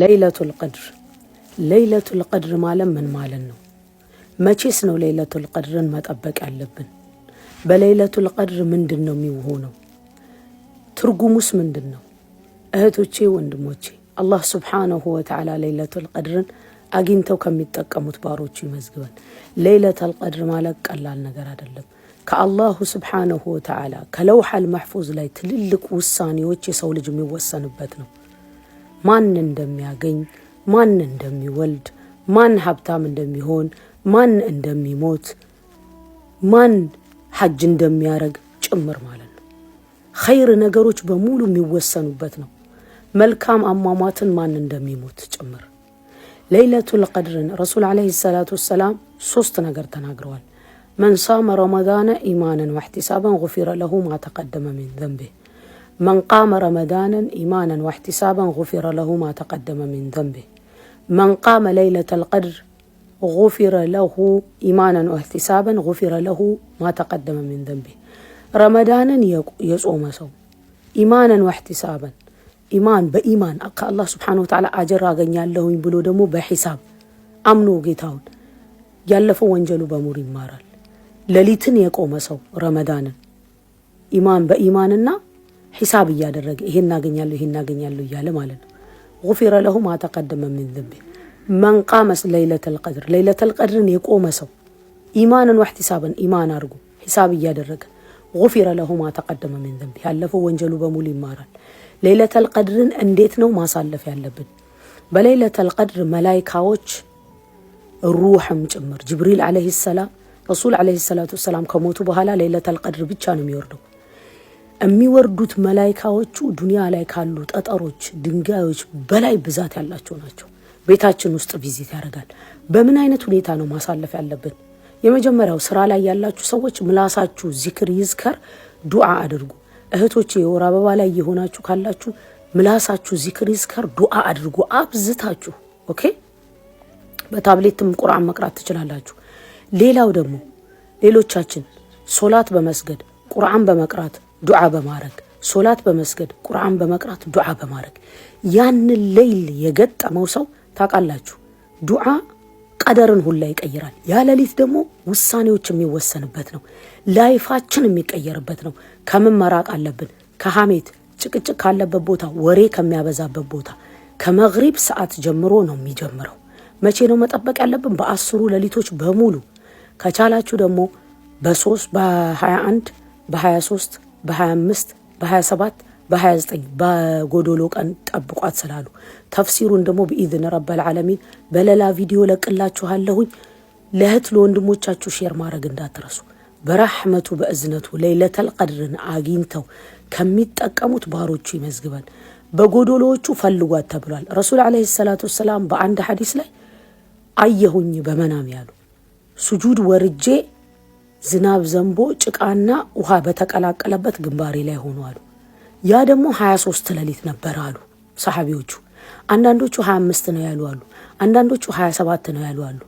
ለይለቱል ቀድር ለይለቱል ቀድር ማለት ምን ማለት ነው? መቼስ ነው ለይለቱል ቀድርን መጠበቅ ያለብን? በለይለቱል ቀድር ምንድን ነው የሚሆነው? ትርጉሙስ ምንድን ነው? እህቶቼ ወንድሞቼ፣ አላህ ሱብሓነሁ ወተዓላ ለይለቱል ቀድርን አግኝተው ከሚጠቀሙት ባሮቹ ይመዝግበን። ለይለቱል ቀድር ማለት ቀላል ነገር አይደለም። ከአላሁ ሱብሓነሁ ወተዓላ ከለውሐል መሕፉዝ ላይ ትልልቅ ውሳኔዎች የሰው ልጅ የሚወሰንበት ነው። ማን እንደሚያገኝ፣ ማን እንደሚወልድ፣ ማን ሀብታም እንደሚሆን፣ ማን እንደሚሞት፣ ማን ሐጅ እንደሚያደርግ ጭምር ማለት ነው። ኸይር ነገሮች በሙሉ የሚወሰኑበት ነው። መልካም አሟሟትን፣ ማን እንደሚሞት ጭምር። ለይለቱል ቀድርን ረሱል ዓለይሂ ሰላቱ ወሰላም ሶስት ነገር ተናግረዋል። መን ሳመ ረመዳነ ኢማንን ወሕቲሳበን ጉፊረ ለሁ ማ ተቀደመ ሚን ዘንቤ من قام رمضانا إيمانا واحتسابا غفر له ما تقدم من ذنبه من قام ليلة القدر غفر له إيمانا واحتسابا غفر له ما تقدم من ذنبه رمضانا يصوم سو إيمانا واحتسابا إيمان بإيمان أقا الله سبحانه وتعالى أجر أغنيا يالله يبلو دمو بحساب أمنو قيتاون ያለፈው وانجلو በሙሉ مارال لليتن يقوم سو رمضانا ايمان بايماننا ሂሳብ እያደረገ ይሄ እናገኛለሁ ይሄ እናገኛለሁ እያለ ማለት ነው። ጉፊረ ለሁ ማ ተቀደመ ምን ዘንቢ መን ቃመስ ለይለተል ቀድር ለይለተል ቀድርን የቆመ ሰው ኢማንን ወሕቲሳብን ኢማን አድርጎ ሂሳብ እያደረገ ጉፊረ ለሁ ማ ተቀደመ ምን ዘንቢ ያለፈው ወንጀሉ በሙሉ ይማራል። ለይለተል ቀድርን እንዴት ነው ማሳለፍ ያለብን? በለይለተል ቀድር መላይካዎች ሩሕም ጭምር ጅብሪል ዓለይሂ ሰላም ረሱል ዓለይሂ ሰላቱ ወሰላም ከሞቱ በኋላ ለይለተል ልቀድር ብቻ ነው የሚወርደው የሚወርዱት መላይካዎቹ ዱንያ ላይ ካሉ ጠጠሮች፣ ድንጋዮች በላይ ብዛት ያላቸው ናቸው። ቤታችን ውስጥ ቪዚት ያደርጋል። በምን አይነት ሁኔታ ነው ማሳለፍ ያለብን? የመጀመሪያው ስራ ላይ ያላችሁ ሰዎች ምላሳችሁ ዚክር ይዝከር፣ ዱዓ አድርጉ። እህቶቼ የወር አበባ ላይ የሆናችሁ ካላችሁ ምላሳችሁ ዚክር ይዝከር፣ ዱዓ አድርጉ አብዝታችሁ። ኦኬ። በታብሌትም ቁርአን መቅራት ትችላላችሁ። ሌላው ደግሞ ሌሎቻችን ሶላት በመስገድ ቁርአን በመቅራት ዱዓ በማድረግ ሶላት በመስገድ ቁርአን በመቅራት ዱዓ በማድረግ ያንን ሌይል የገጠመው ሰው ታውቃላችሁ፣ ዱዓ ቀደርን ሁላ ይቀይራል። ያ ሌሊት ደግሞ ውሳኔዎች የሚወሰንበት ነው። ላይፋችን የሚቀየርበት ነው። ከምን መራቅ አለብን? ከሐሜት ጭቅጭቅ ካለበት ቦታ፣ ወሬ ከሚያበዛበት ቦታ ከመግሪብ ሰዓት ጀምሮ ነው የሚጀምረው። መቼ ነው መጠበቅ ያለብን? በአስሩ ሌሊቶች በሙሉ ከቻላችሁ ደግሞ በሶስት በ21 በ23 በ25 በ27 በ29 በጎዶሎ ቀን ጠብቋት ስላሉ ተፍሲሩን ደግሞ ብኢዝን ረበል ዓለሚን በሌላ ቪዲዮ ለቅላችኋለሁኝ። ለእህት ለወንድሞቻችሁ ሼር ማድረግ እንዳትረሱ። በራሕመቱ በእዝነቱ ለይለተል ቀድርን አግኝተው ከሚጠቀሙት ባሮቹ ይመዝግበን። በጎዶሎዎቹ ፈልጓት ተብሏል። ረሱል ዓለይሂ ሰላቱ ወሰላም በአንድ ሐዲስ ላይ አየሁኝ በመናም ያሉ ሱጁድ ወርጄ ዝናብ ዘንቦ ጭቃና ውሃ በተቀላቀለበት ግንባሬ ላይ ሆኖ አሉ። ያ ደግሞ 23 ሌሊት ነበር አሉ ሰሓቢዎቹ። አንዳንዶቹ 25 ነው ያሉ አሉ። አንዳንዶቹ 27 ነው ያሉ አሉ።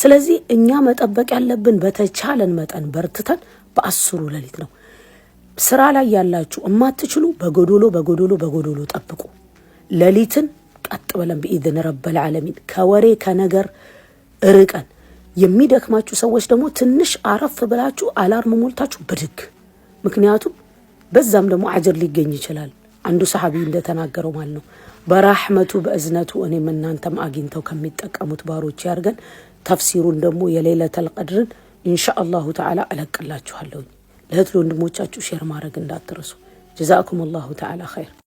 ስለዚህ እኛ መጠበቅ ያለብን በተቻለን መጠን በርትተን በአስሩ ሌሊት ነው። ስራ ላይ ያላችሁ እማትችሉ በጎዶሎ በጎዶሎ በጎዶሎ ጠብቁ። ሌሊትን ቀጥ ብለን ብኢድን ረበል ዓለሚን ከወሬ ከነገር እርቀን የሚደክማችሁ ሰዎች ደግሞ ትንሽ አረፍ ብላችሁ አላርም ሞልታችሁ ብድግ። ምክንያቱም በዛም ደግሞ አጀር ሊገኝ ይችላል። አንዱ ሰሐቢ እንደተናገረው ማለት ነው በራህመቱ በእዝነቱ እኔም እናንተም አግኝተው ከሚጠቀሙት ባሮች ያርገን። ተፍሲሩን ደግሞ የሌለተል ቀድርን እንሻ አላሁ ተዓላ እለቅላችኋለሁኝ። ለእህት ወንድሞቻችሁ ሼር ማድረግ እንዳትረሱ። ጀዛኩም አላሁ ተዓላ ኸይር።